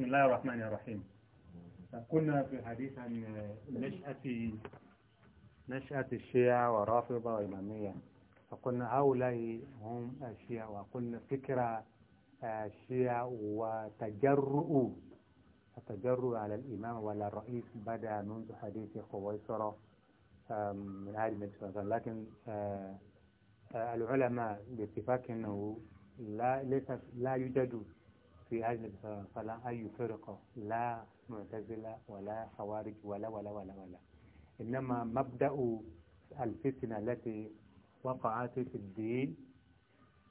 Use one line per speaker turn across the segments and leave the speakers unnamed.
بسم الله الرحمن الرحيم كنا في الحديث عن نشأة نشأة الشيعة ورافضة وإمامية فقلنا هؤلاء هم الشيعة وقلنا فكرة الشيعة وتجرؤوا التجرؤ على الإمام وعلى الرئيس بدأ منذ حديث قويصرة من عهد النبي صلى الله عليه وسلم لكن آه، آه، العلماء باتفاق أنه لا ليس لا يوجد في أجل فلا أي فرقة لا معتزلة ولا خوارج ولا ولا ولا ولا إنما مبدأ الفتنة التي وقعت في الدين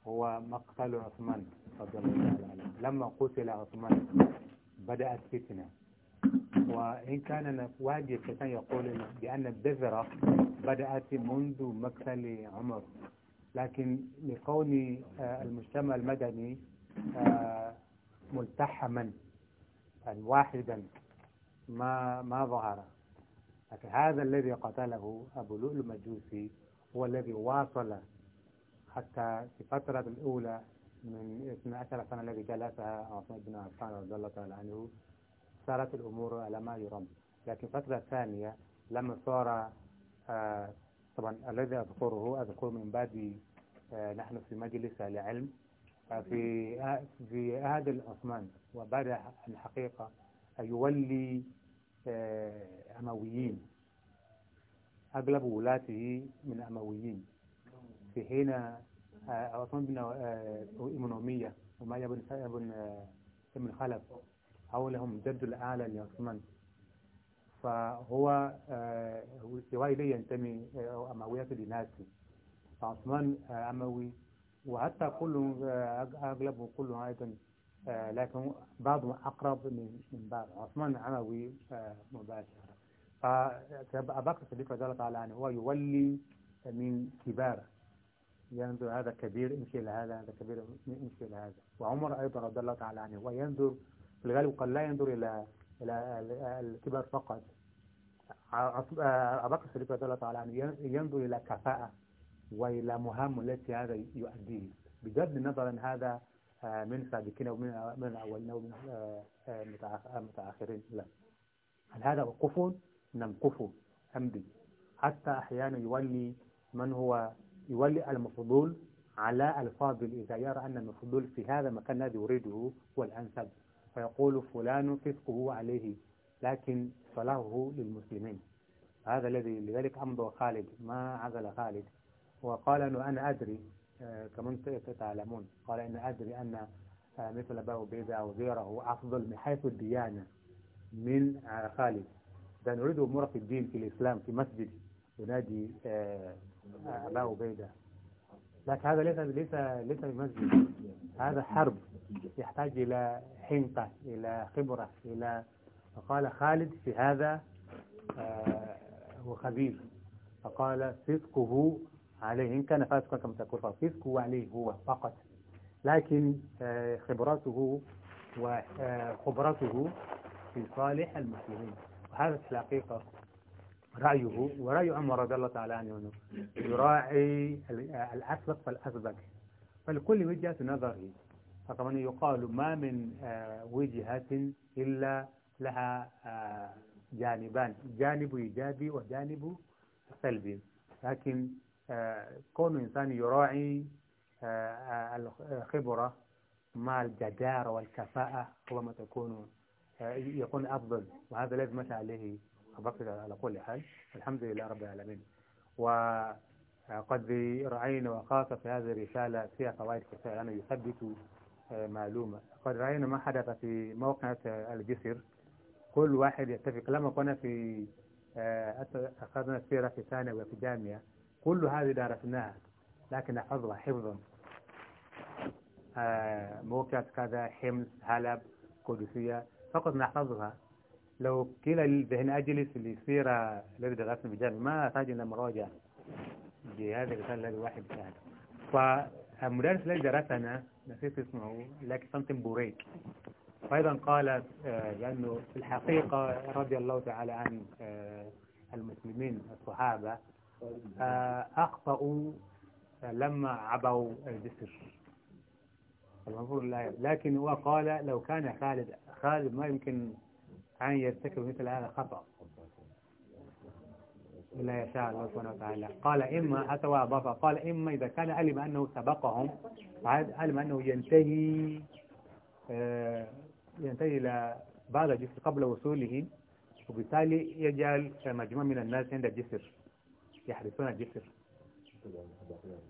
هو مقتل عثمان رضي الله تعالى عنه لما قتل عثمان بدأت فتنة وإن كان واجب الشيطان يقول بأن البذرة بدأت منذ مقتل عمر لكن لكون آه، المجتمع المدني آه، ملتحما يعني واحدا ما ما ظهر لكن هذا الذي قتله أبو لؤلؤ المجوسي هو الذي واصل حتى في فترة الأولى من 12 سنة الذي جلسها عثمان بن عفان رضي الله تعالى عنه صارت الأمور على ما يرام لكن الفترة الثانية لما صار آه، طبعا الذي أذكره أذكره من بعد آه، نحن في مجلس العلم في في عهد العثمان وبعد الحقيقة يولي آه، أمويين أغلب ولاته من أمويين في حين آه، عثمان بن إمنومية آه، ومايا بن بن ابن خلف حولهم جد الأعلى لعثمان فهو سواء إليه ينتمي أموية ديناسي فعثمان أموي وحتى كلهم أغلبهم كلهم أيضا آه، لكن بعضهم أقرب من من بعض عثمان عموي آه، مباشرة فابو بكر الصديق رضي الله تعالى عنه هو يولي من كباره ينظر هذا كبير امشي لهذا هذا هذا كبير امشي لهذا هذا وعمر أيضا رضي الله تعالى عنه هو ينظر في الغالب قد لا ينظر إلى إلى الكبار فقط آه، ابو بكر الصديق رضي الله تعالى عنه ينظر إلى كفاءة وإلى مهام التي هذا يؤديه بجد النظر أن هذا آه، من سابقين أو من أولين أو من آه، آه، متأخرين لا هل هذا وقف نمقفه أمدي حتى أحيانا يولي من هو يولي المفضول على الفاضل إذا يرى أن المفضول في هذا المكان الذي يريده هو الأنسب فيقول فلان فسقه عليه لكن صلاحه للمسلمين هذا الذي لذلك أمضى خالد ما عزل خالد وقال أنه أنا أدري آه، كمان تعلمون قال إن أدري أن آه، مثل ابا بيدا أو غيره أفضل من حيث الديانة من آه، خالد ده نريد أمور في الدين في الإسلام في مسجد ينادي أبا عبيدة لكن هذا ليس ليس ليس مسجد هذا حرب يحتاج إلى حنطة إلى خبرة إلى فقال خالد في هذا هو خبيث فقال صدقه عليه إن كان فاسقا كما تقول فاسق هو عليه هو فقط لكن آه، خبرته وخبرته آه، في صالح المسلمين وهذا في الحقيقة رأيه ورأي عمر رضي الله تعالى عنه يراعي آه، الأسبق فالأسبق فلكل وجهة نظره فطبعا يقال ما من وجهة إلا لها جانبان جانب إيجابي وجانب سلبي لكن آه، كون إنسان يراعي آه، آه، الخبرة مع الجدارة والكفاءة ربما تكون يكون أفضل وهذا لازم مشى عليه أبقى على كل حال الحمد لله رب العالمين وقد رأينا وخاصة في هذه الرسالة فيها فوائد كثيرة يعني يثبت معلومة قد رأينا ما حدث في موقع الجسر كل واحد يتفق لما كنا في أخذنا السيرة في ثانوي وفي جامعة كل هذه درسناها لكن نحفظها حفظا آه، موكس كذا حمص هلب قدسية فقط نحفظها لو كلا الذهن أجلس يصير الذي درسنا بجانب ما أحتاج إلى مراجعة بهذا الرسالة الذي واحد كان فالمدرس الذي درسنا نسيت اسمه لكن سمتم بوريك فأيضا قال آه، لأنه في الحقيقة رضي الله تعالى عن آه، المسلمين الصحابة آه، أخطأوا آه، لما عبوا الجسر المنظور الآية لكن هو قال لو كان خالد خالد ما يمكن أن يرتكب مثل هذا خطأ لا يشاء الله سبحانه وتعالى قال إما أتوا أضاف قال إما إذا كان علم أنه سبقهم علم أنه ينتهي آه، ينتهي إلى بعض الجسر قبل وصوله وبالتالي يجعل مجموعة من الناس عند الجسر يحرسون الجسر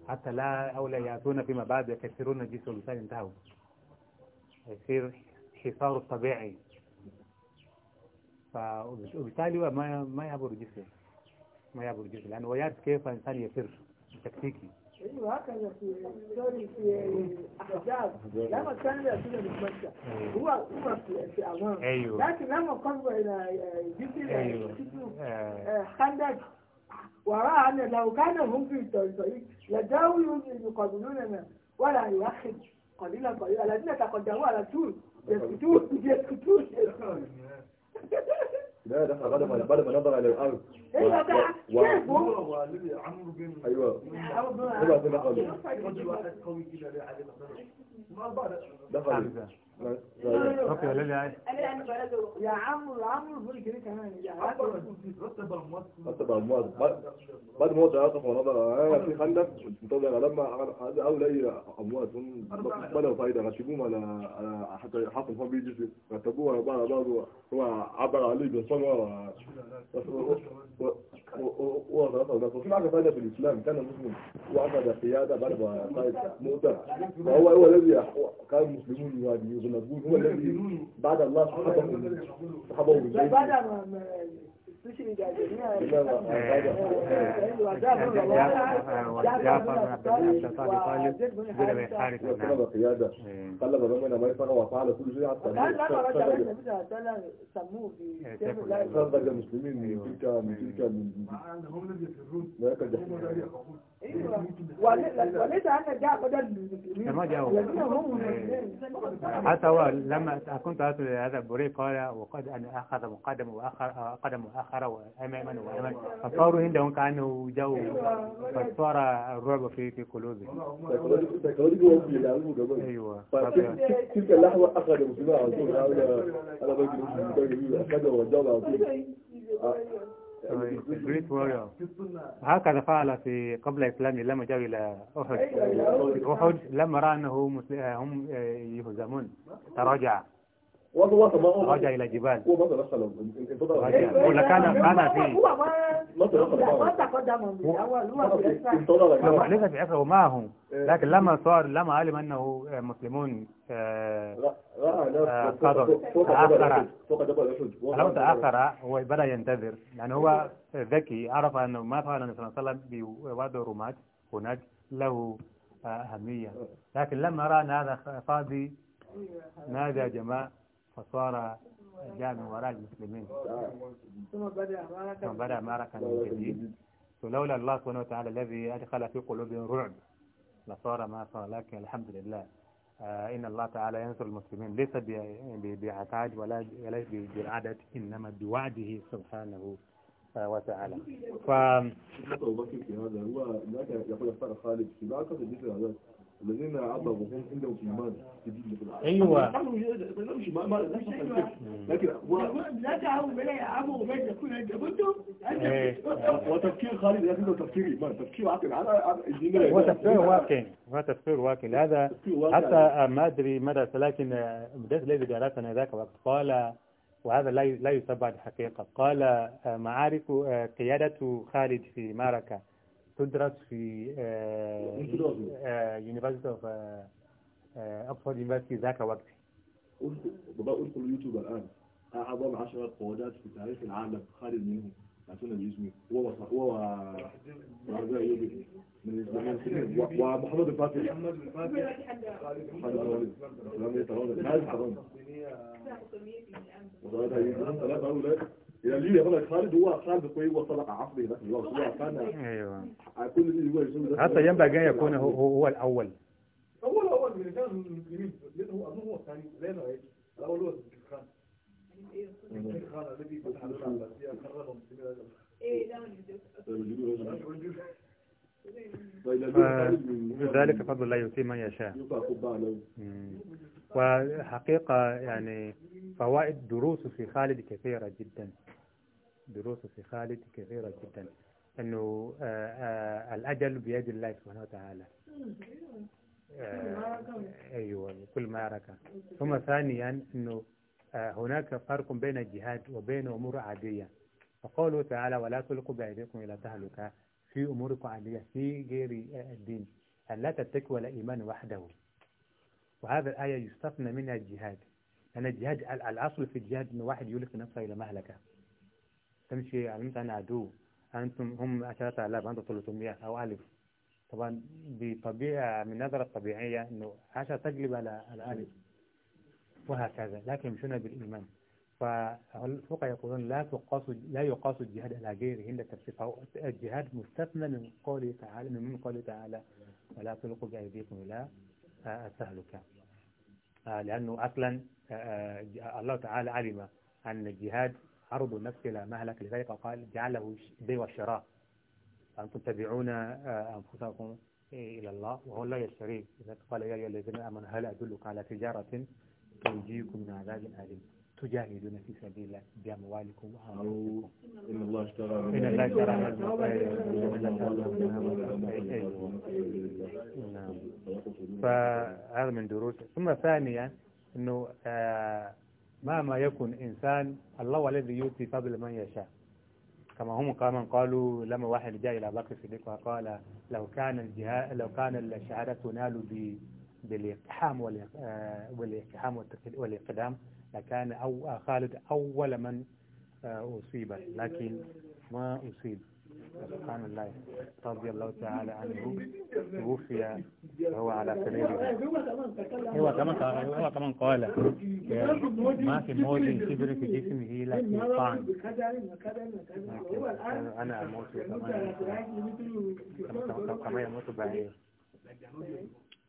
حتى لا أو لا يأتون فيما بعد يكسرون الجسر اللسان انتهوا يصير حصار الطبيعي فبالتالي ما ما يعبر الجسر ما يعبر الجسر لأنه يعني يعرف كيف الإنسان يسر تكتيكي ايوه هكذا في سوري في احزاب لما كان يأتينا بالمشى إيه. هو هو في امان أيوة. لكن لما قصد الى جسر أيوة. آه. آه، خندق ورأى أن لو كان هم في الطريق لجاؤوا يقابلوننا ولا يؤخر قليلا قليلا الذين تقدموا على طول يسكتون يسكتون لا ده بعد ما بعد ما نظر الى الارض ايوه ده شايفه عمرو بن ايوه عمرو بن رجل واحد قوي كده عليه دخل يا ليلي عايز يا عم العمر فول كده كمان رتب المواد بعد موت عاطف ونظر في آه، خندق طبعا لما هذا اول اي اموات بلا فايده غشيبوهم على على حتى حاطين فوق بيجي رتبوها على بعض بعض هو عبر عليه بالصوم ورا ورا في حاجه فايده في الاسلام كان المسلم وعبد قياده برضه قائد مؤتمر فهو هو الذي كان المسلمون يواجهون المذموم هو الذي بعد الله صحبه صحبه بعد ما ما يفعل وفعل كل شيء حتى لا لا من تلك من تلك من هم الذين يفرون لا ايوه وليس جاء بدل ما حتى لما كنت هذا البوري قال وقد ان اخذ مقدم واخر قدم واخر أمامنا وأمامنا فصاروا عندهم كانوا جو فصار الرعب في في قلوبهم أيوة تلك اللحظة أخذ عزوز على بيت أخذ وجاب آه، هكذا فعل في قبل الإسلام لما جاء إلى أحد أحد لما رأى أنه هم آه، آه، يهزمون تراجع وضوط ما هو رجع الى جبال هو مصر اصلا ولا كان كان في مصر اصلا ليس في عسره ومعهم لكن لما صار لما علم انه مسلمون قدر تاخر لو تاخر هو بدا ينتظر يعني هو ذكي عرف انه ما فعل النبي صلى الله عليه وسلم بواد رومات هناك له اهميه لكن لما راى ان هذا فاضي نادى جماعه فصار جاء من وراء المسلمين ثم بدأ معركة ثم بدأ معركة من جديد فلولا الله سبحانه وتعالى الذي أدخل في قلوبهم رعب لصار ما صار لكن الحمد لله آه، إن الله تعالى ينصر المسلمين ليس بعتاج ولا ليس بالعدد إنما بوعده سبحانه آه، وتعالى ف... الذين عندهم العالم أيوة مش ما ما لكن لا تعاون بلا أبو عبيد يكون عند أبوته إيه. وتفكير خالد لكن تفكير تفكير عاقل على هو تفكير واقعي هو تفكير واقعي هذا حتى ما أدري مدى لكن بدأت الذي جرتنا ذاك وقت قال وهذا لا لا يتبع الحقيقة قال معارك آه، قيادة خالد في معركة تدرس في يونيفرسيتي اوف اوكسفورد يونيفرسيتي ذاك وقت بدخل اليوتيوب الان اعظم 10 قوادات في تاريخ العالم خالد منهم اعطونا باسمه هو هو ومحمد الفاتح محمد الفاتح خالد خالد اللي خالد هو خالد وصل عصبي بس هو كان أيوة. كل اللي هو حتى ينبغي أن يكون هو, هو الأول من يعني كان هو أظن هو الثاني الأول هو الذي فتح خربهم إيه لا ذلك فضل الله يؤتيه من يشاء وحقيقة يعني فوائد دروس في خالد كثيرة جدا دروس في خالد كثيرة جدا أنه آه، آه، الأجل بيد الله سبحانه وتعالى آه، أيوة كل معركة ثم ثانيا أنه هناك فرق بين الجهاد وبين أمور عادية فقوله تعالى ولا تلقوا بأيديكم إلى تهلكة في أمورك عادية في غير الدين أن لا تتك ولا إيمان وحده وهذا الآية يستثنى منها الجهاد أن الجهاد الأصل في الجهاد أن واحد يلقي نفسه إلى مهلكة تمشي علمت أن عدو أنتم هم عشرة آلاف أنتم 300 أو ألف طبعا بطبيعة من نظرة طبيعية أنه عشرة تقلب على الألف وهكذا لكن مشونا بالإيمان فالفقهاء يقولون لا تقاس لا يقاس الجهاد على غيره إلا التفسير الجهاد مستثنى من قوله تعالى من قوله تعالى ولا تلقوا بأيديكم إلى التهلكة آه، لأنه أصلا آه، آه، الله تعالى علم أن الجهاد عرض النفس إلى مهلك لذلك قال جعله بيع وشراء أن تبيعون أنفسكم إيه، إلى الله وهو لا يشتري إذا قال يا أيها الذين آمنوا هل أدلك على تجارة تنجيكم من عذاب أليم تجاهدون في سبيل الله بأموالكم وأنفسكم إن الله اشترى إن الله اشترى فهذا من دروس ثم ثانيا أنه مهما يكون إنسان الله الذي يؤتي فضل من يشاء كما هم قاما قالوا لما واحد جاء إلى بكر الصديق وقال لو كان الجهاد لو كان الشهادة تنال بالاقتحام والاقتحام والإقدام لكان أو خالد أول من آه، أصيب لكن ما أصيب سبحان الله رضي الله تعالى عنه توفي وهو على سريره هو كمان هو كمان قال ما في موت كبر في جسمه لكن طعن أنا أموت كمان كمان يموت بعير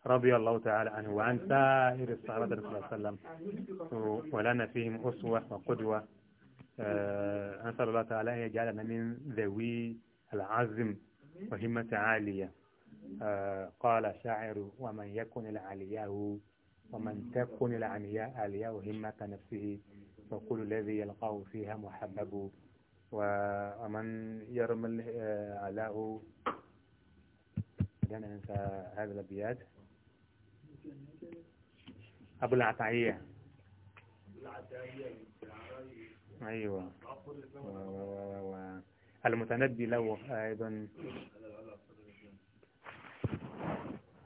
رضي الله تعالى عنه وعن سائر الصحابة صلى الله عليه وسلم ولنا فيهم أسوة وقدوة آه، نسأل الله تعالى أن يجعلنا من ذوي العزم وهمة عالية آه، قال شاعر ومن يكن العلياء ومن تكن العلياء علياء همة نفسه فكل الذي يلقاه فيها محبب ومن يرمل آه، علاه لن أنسى هذا الأبيات أبو العتعية أيوة المتنبي له أيضا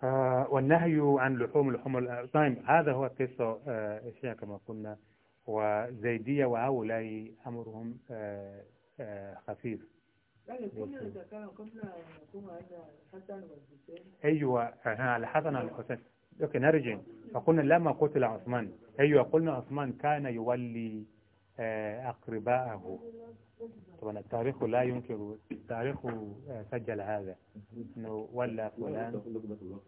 آه، والنهي عن لحوم لحوم طيب هذا هو قصة الشيعة كما قلنا وزيدية وهؤلاء أمرهم آه، آه، خفيف يعني كنا نتكلم قبل أن نقوم حسن والحسين أيوة الحسن والحسين اوكي نرجع فقلنا لما قتل عثمان ايوه قلنا عثمان كان يولي آه، اقرباءه طبعا التاريخ لا ينكر التاريخ آه، سجل هذا انه ولا فلان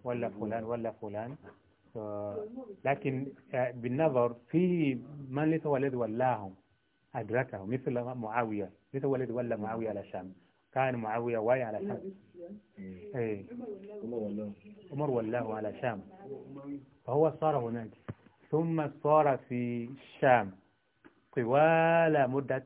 ولا فلان ولا فلان لكن آه، بالنظر في من ليس هو الذي ولاهم ادركه مثل معاويه ليس هو الذي معاويه على الشام كان معاوية واي على شام ايه, إيه. عمر ولاه على شام فهو صار هناك ثم صار في الشام طوال مدة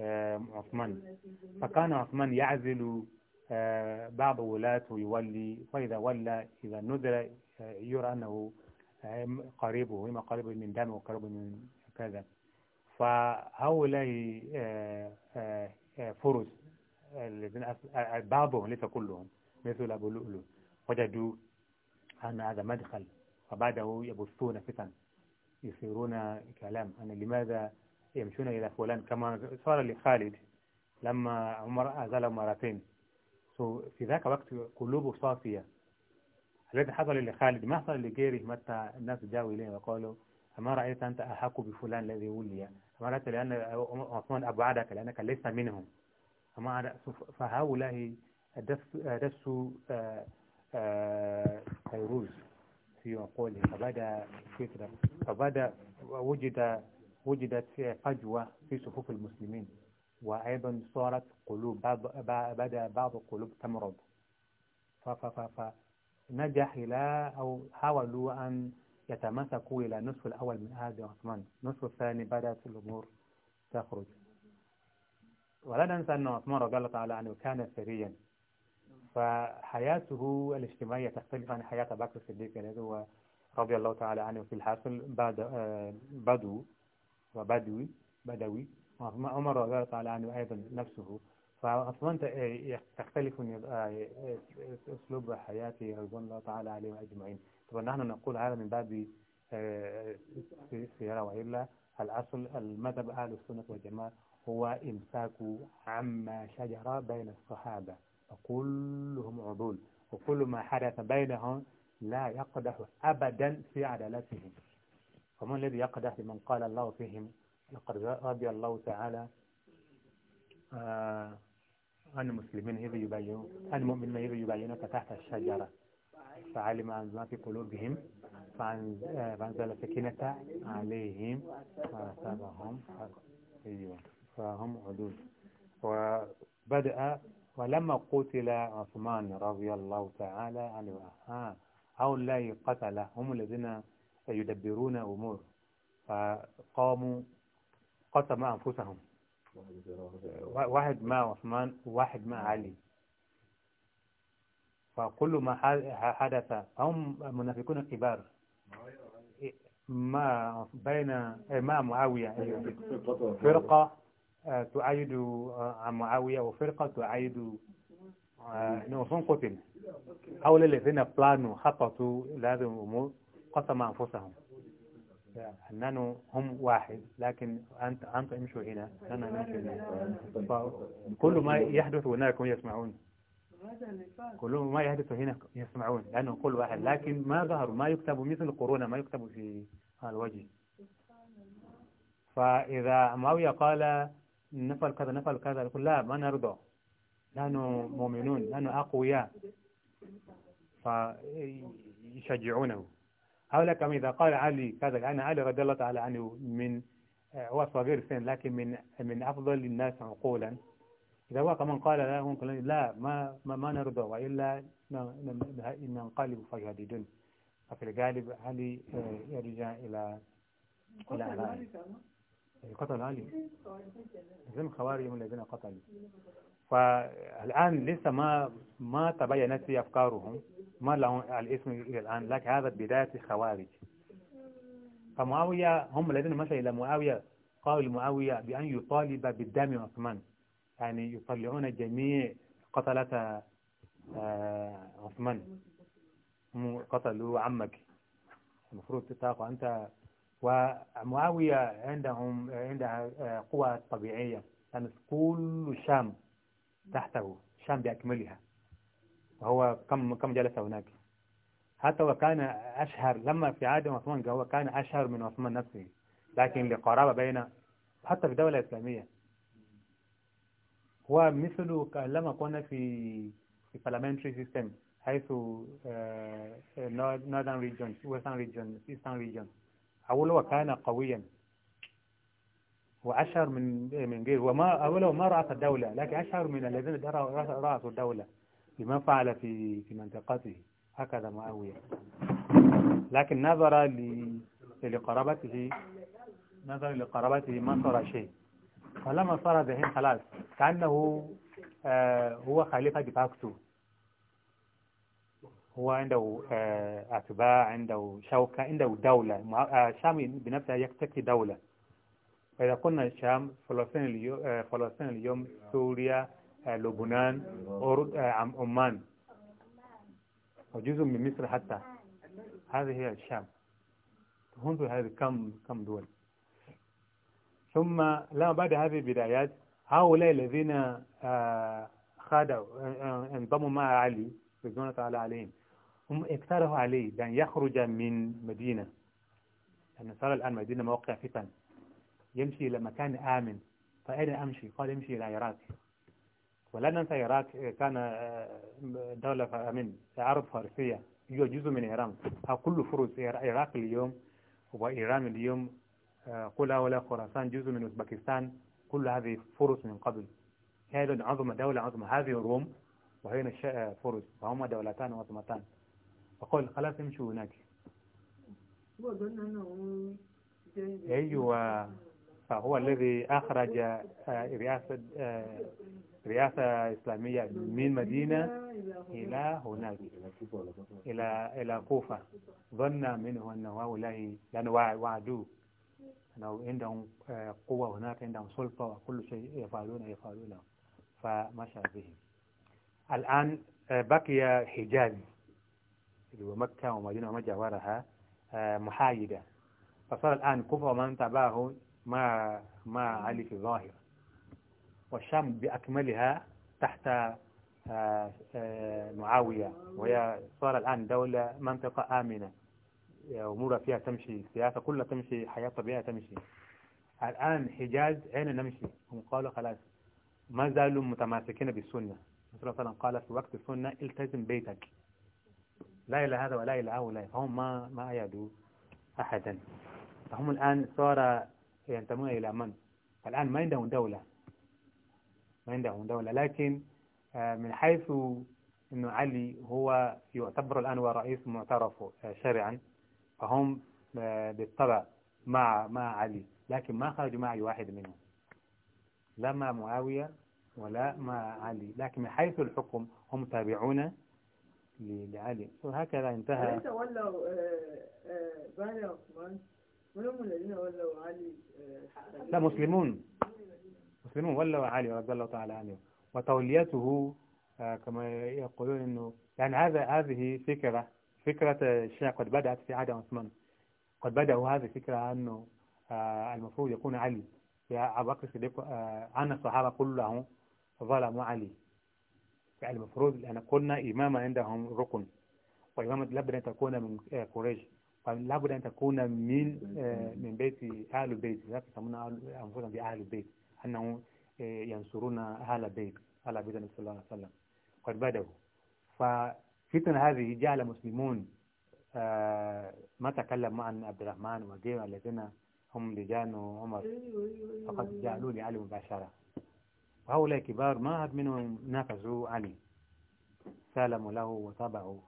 آه، عثمان فكان عثمان يعزل آه، بعض ولاته يولي فإذا ولى إذا نزل آه، يرى أنه قريبه إما قريب من دم وقريب من كذا فهؤلاء فرس الذين بعضهم ليس كلهم مثل أبو لؤلؤ وجدوا أن هذا مدخل وبعده يبثون فتن يثيرون كلام أن لماذا يمشون إلى فلان كما صار لخالد لما عمر أزال مرتين في ذاك وقت قلوب صافية الذي حصل لخالد ما حصل لغيره متى الناس جاؤوا إليه وقالوا أما رأيت أنت أحق بفلان الذي ولي أما رأيت لأن عثمان أبعدك لأنك ليس منهم فما فهؤلاء دس آه، آه، فيروز في مقوله فبدا فبدا وجد وجدت فجوة في صفوف المسلمين وأيضا صارت قلوب بدا بعض القلوب تمرض فنجح إلى أو حاولوا أن يتمسكوا إلى نصف الأول من هذا عثمان النصف الثاني بدأت الأمور تخرج ولا ننسى أن عثمان رضي الله تعالى عنه كان سريا فحياته الاجتماعية تختلف عن حياة بكر الصديق الذي هو رضي الله تعالى عنه في الحاصل بعد بدو وبدوي بدوي عمر رضي الله تعالى عنه أيضا نفسه فعثمان تختلف أسلوب حياته رضوان الله تعالى عليه أجمعين طبعا نحن نقول هذا من باب آه، سيارة وإلا الأصل المذهب أهل السنة والجماعة هو إمساك عما شجر بين الصحابة فكلهم عضول وكل ما حدث بينهم لا يقدح أبدا في عدالتهم فمن الذي يقدح لمن قال الله فيهم لقد رضي الله تعالى آه، عن المسلمين إذ يبايعون عن المؤمنين إذ يبايعونك تحت الشجرة فعلم أن ما في قلوبهم آه، فأنزل سكينة عليهم وأصابهم أيوه فهم عدود وبدأ ولما قتل عثمان رضي الله تعالى عنه آه هؤلاء قتل هم الذين يدبرون أمور فقاموا قتل أنفسهم واحد مع عثمان واحد مع علي فكل ما حدث هم منافقون كبار ما بين ما معاوية أيوة. فرقة تؤيد آه، معاوية وفرقة تؤيد نوصون قتل حول الذين بلانوا خططوا لهذه الأمور قسم أنفسهم أننا هم واحد لكن أنت أنت امشوا هنا أنا نمشي هنا كل ما يحدث هناك يسمعون كل ما يحدث هنا يسمعون لأنه كل واحد لكن ما ظهر ما يكتب مثل كورونا ما يكتب في الوجه فإذا معاوية قال نفعل كذا نفعل كذا يقول لا ما نرضى نحن مؤمنون نحن أقوياء فيشجعونه هؤلاء كما إذا قال علي كذا لأن علي رضي الله تعالى عنه من آه، هو صغير سن لكن من من أفضل الناس عقولا إذا هو كمان قال لا ما ما, ما نرضى وإلا ننقلب فيهددون ففي الغالب علي آه، يرجع إلى إلى قتل علي زي الخوارج الذين قتلوا فالآن لسه ما ما تبينت في أفكارهم ما لهم الاسم إلى الآن لكن هذا بداية الخوارج فمعاوية هم الذين مشوا إلى معاوية قالوا لمعاوية بأن يطالب بالدم عثمان يعني يطلعون جميع قتلة آه، عثمان قتلوا عمك المفروض تتاقوا أنت ومعاوية عندهم عندها آه، قوة طبيعية كانت كل الشام تحته الشام بأكملها وهو كم كم جلس هناك حتى وكان أشهر لما في عهد عثمان هو كان أشهر من عثمان نفسه لكن نعم. لقرابة بين حتى في الدولة الإسلامية هو مثل لما كنا في في parliamentary system حيث uh, northern region, western region, eastern region هو وكان قويا وأشهر من من غيره وما أول ما رأس الدولة لكن أشهر من الذين رأسوا الدولة بما فعل في في منطقته هكذا معاوية لكن نظر لقرابته نظر لقرابته ما صار شيء فلما صار ذهن خلاص كأنه آه، هو خليفة دي فاكتو هو عنده آه، أتباع عنده شوكة عنده دولة الشام آه، بنفسها يكتفي دولة فإذا قلنا الشام فلسطين اليوم, آه، فلسطين اليوم سوريا لبنان عمان وجزء من مصر حتى هذه هي الشام انظر هذه كم كم دول ثم لما بعد هذه البدايات هؤلاء الذين خادوا انضموا مع علي رضوان الله عليهم هم اقترحوا عليه بأن يخرج من مدينة لأن صار الآن مدينة موقع فتن يمشي إلى مكان آمن فأين أمشي؟ قال يمشي إلى العراق ولا ننسى العراق إيه، كان آه، دولة من عرب فارسية هي جزء من إيران كل فروس العراق اليوم وإيران اليوم آه، قل ولا خراسان جزء من أوزبكستان كل هذه فرس من قبل هذا عظمى دولة عظمى هذه الروم وهنا فرس فهما دولتان عظمتان أقول خلاص امشوا هناك أيوة فهو الذي أخرج آه، رئاسة آه، رئاسة إسلامية من مدينة إلى هناك إلى إلى كوفة ظن منه أن هؤلاء لأن وعدوا أنه عندهم آه، قوة هناك عندهم سلطة وكل شيء يفعلون يفعلونه فمشى بهم الآن بقي حجاز اللي هو مكة ومدينة وما جاورها آه، محايدة فصار الآن كفر ومن تباه ما ما علي في الظاهر والشام بأكملها تحت آه، آه، معاوية وهي صار الآن دولة منطقة آمنة أمورها فيها تمشي السياسة كلها تمشي حياة طبيعية تمشي الآن حجاز أين نمشي هم قالوا خلاص ما زالوا متماسكين بالسنة الرسول صلى الله عليه وسلم قال في وقت السنة التزم بيتك لا إلى هذا ولا إلى هؤلاء فهم ما ما أيدوا أحدا فهم الآن صار ينتمون إلى من الآن ما عندهم دولة ما عندهم دولة لكن آه، من حيث أنه علي هو يعتبر الآن هو رئيس معترف آه، شرعا فهم آه، بالطبع مع مع علي لكن ما خرج مع واحد منهم لا مع معاوية ولا مع علي لكن من حيث الحكم هم تابعون لعلي وهكذا انتهى أليس ولوا آه، آه، بني عثمان منهم الذين ولوا علي آه، لا مسلمون مسلمون ولوا علي رضي الله تعالى عنه وتوليته كما يقولون انه يعني هذا هذه فكرة فكرة الشيعة قد بدأت في عهد عثمان قد بدأوا هذه الفكرة انه المفروض يكون علي يا أبو بكر الصديق عن الصحابة كلهم ظلموا علي يعني المفروض أن قلنا إمامة عندهم ركن وإمامة لابد أن تكون من آه، قريش طيب، لابد أن تكون من آه، من بيت أهل البيت يسمون أنفسهم بأهل البيت أنهم آه، ينصرون أهل البيت أهل بيت النبي صلى الله عليه وسلم قد بدأوا ففتنة هذه جعل المسلمون ما تكلم عن عبد الرحمن وغيره الذين هم لجان عمر أيوة، أيوة، أيوة، فقد جعلوا لعلي مباشرة وهؤلاء كبار ما أحد منهم نافسوا علي سالموا له وتابعوا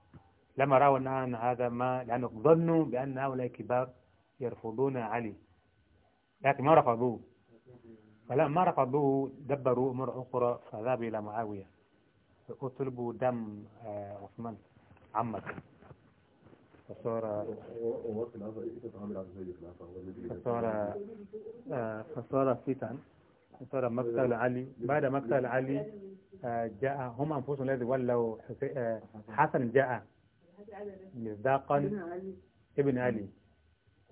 لما رأوا أن هذا ما لأنه ظنوا بأن هؤلاء كبار يرفضون علي لكن ما رفضوه فلما رفضوه دبروا أمور أخرى فذهبوا إلى معاوية اطلبوا دم آه، عثمان عمك فصار إيه؟ فصار آه، فصار فتن صار مقتل علي بعد مقتل علي آه، جاء هم أنفسهم الذي ولوا آه، حسن جاء مصداقا ابن علي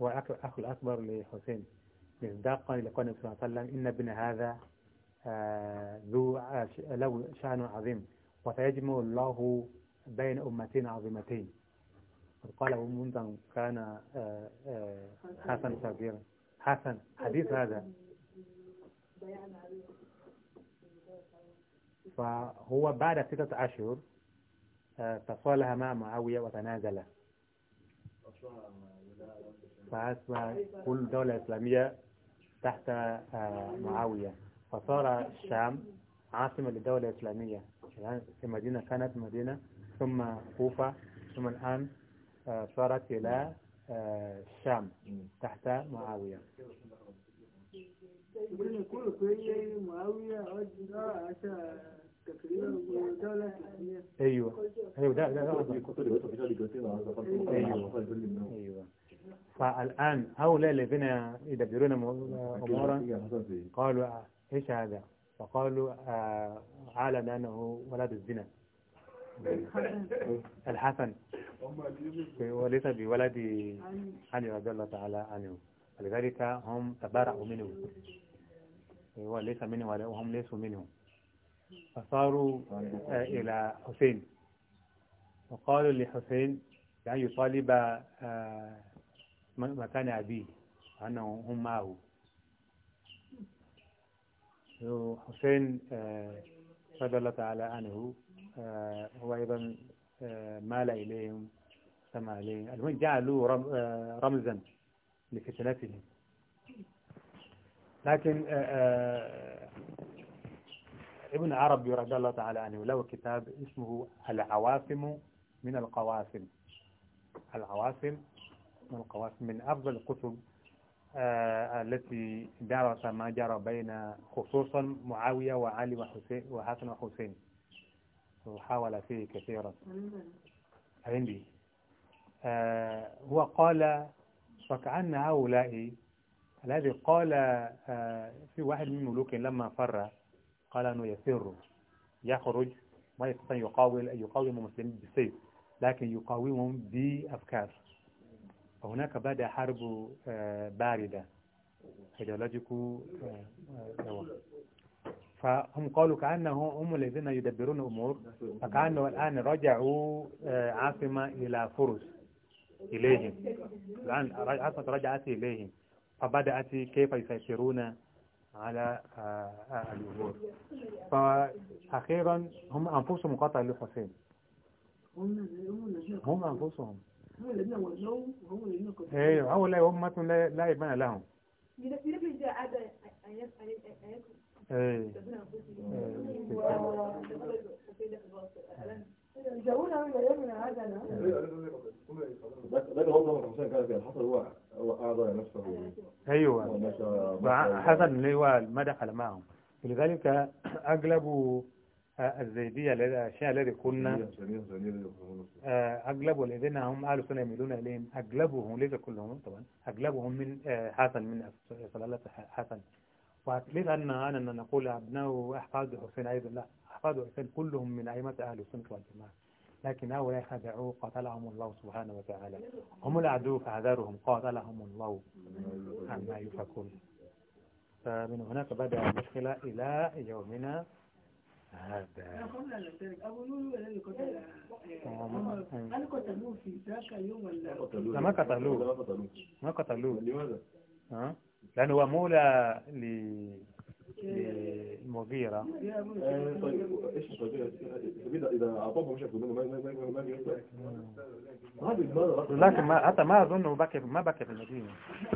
هو أخ الأكبر لحسين مصداقا لقوله النبي صلى الله عليه وسلم إن ابن هذا آه، ذو له شأن عظيم وسيجمع الله بين أمتين عظيمتين قاله منذ كان حسن صغيرا حسن حديث هذا فهو بعد ستة أشهر تصالح آه، مع معاوية وتنازل فأصبح كل دولة إسلامية تحت آه، معاوية فصار الشام عاصمة للدولة الإسلامية المدينة كانت مدينة ثم كوفة ثم الآن آه، صارت إلى الشام تحت معاوية من كل معاوية ايوه ايوه ده ده أيوة. ايوه فالان هؤلاء الذين يدبرون امورا قالوا ايش هذا فقالوا اعلن آه، انه ولد الزنا الحسن وليس بولد علي رضي الله تعالى عنه ولذلك هم تبرعوا منه إيه، هو ليس مني ولا وهم ليسوا منهم فصاروا آه، إلى حسين وقالوا لحسين بأن يعني يطالب آه، مكان أبيه أنه هم معه حسين آه، فدلت الله تعالى عنه هو أيضا مال إليهم سمع إليهم المهم جعلوا رمزا لفتنتهم لكن آه، آه، ابن عربي رضي الله تعالى عنه له كتاب اسمه العواصم من القواسم العواصم من القواسم من أفضل الكتب آه، التي درس ما جرى بين خصوصا معاوية وعلي وحسين وحسن وحسين وحاول فيه كثيرا عندي هو قال فكأن هؤلاء الذي قال آه، في واحد من ملوك لما فر قال أنه يسر يخرج ما يستطيع يقاول يقاوم المسلمين بالسيف لكن يقاومهم بأفكار فهناك بدا حرب آه، باردة ايديولوجيكو آه، فهم قالوا كأنه هم الذين يدبرون الأمور فكأنه الآن رجعوا عاصمة إلى فرس إليهم الآن عاصمة رجعت إليهم فبدأت كيف يسيطرون على آه، آه، الأمور فأخيرا هم أنفسهم قطع لحسين هم أنفسهم هم الذين ولوا وهم الذين قتلوا ايوه هؤلاء هم لا يبنى لهم ايه هو أيوه اللي هو ما دخل معهم لذلك أغلب الزيدية الأشياء الذي كنا أغلب الذين هم أهل السنة يميلون إليهم أغلبهم ليس كلهم طبعا أغلبهم من حسن من سلالة حسن وليس أن أنا نقول أبناء أحفاد حسين أيضا لا أفراد العسل كلهم من أئمة أهل السنة والجماعة لكن هؤلاء خدعوا قتلهم الله سبحانه وتعالى هم العدو فعذرهم قاتلهم الله عما يفكون فمن هناك بدأ المشكلة إلى يومنا هذا هل قتلوه في ذاك اليوم ولا ما قتلوه ما قتلوه لماذا؟ لأنه هو مولى المغيرة لكن ما حتى ما اظنه بكى ما بكى في المدينة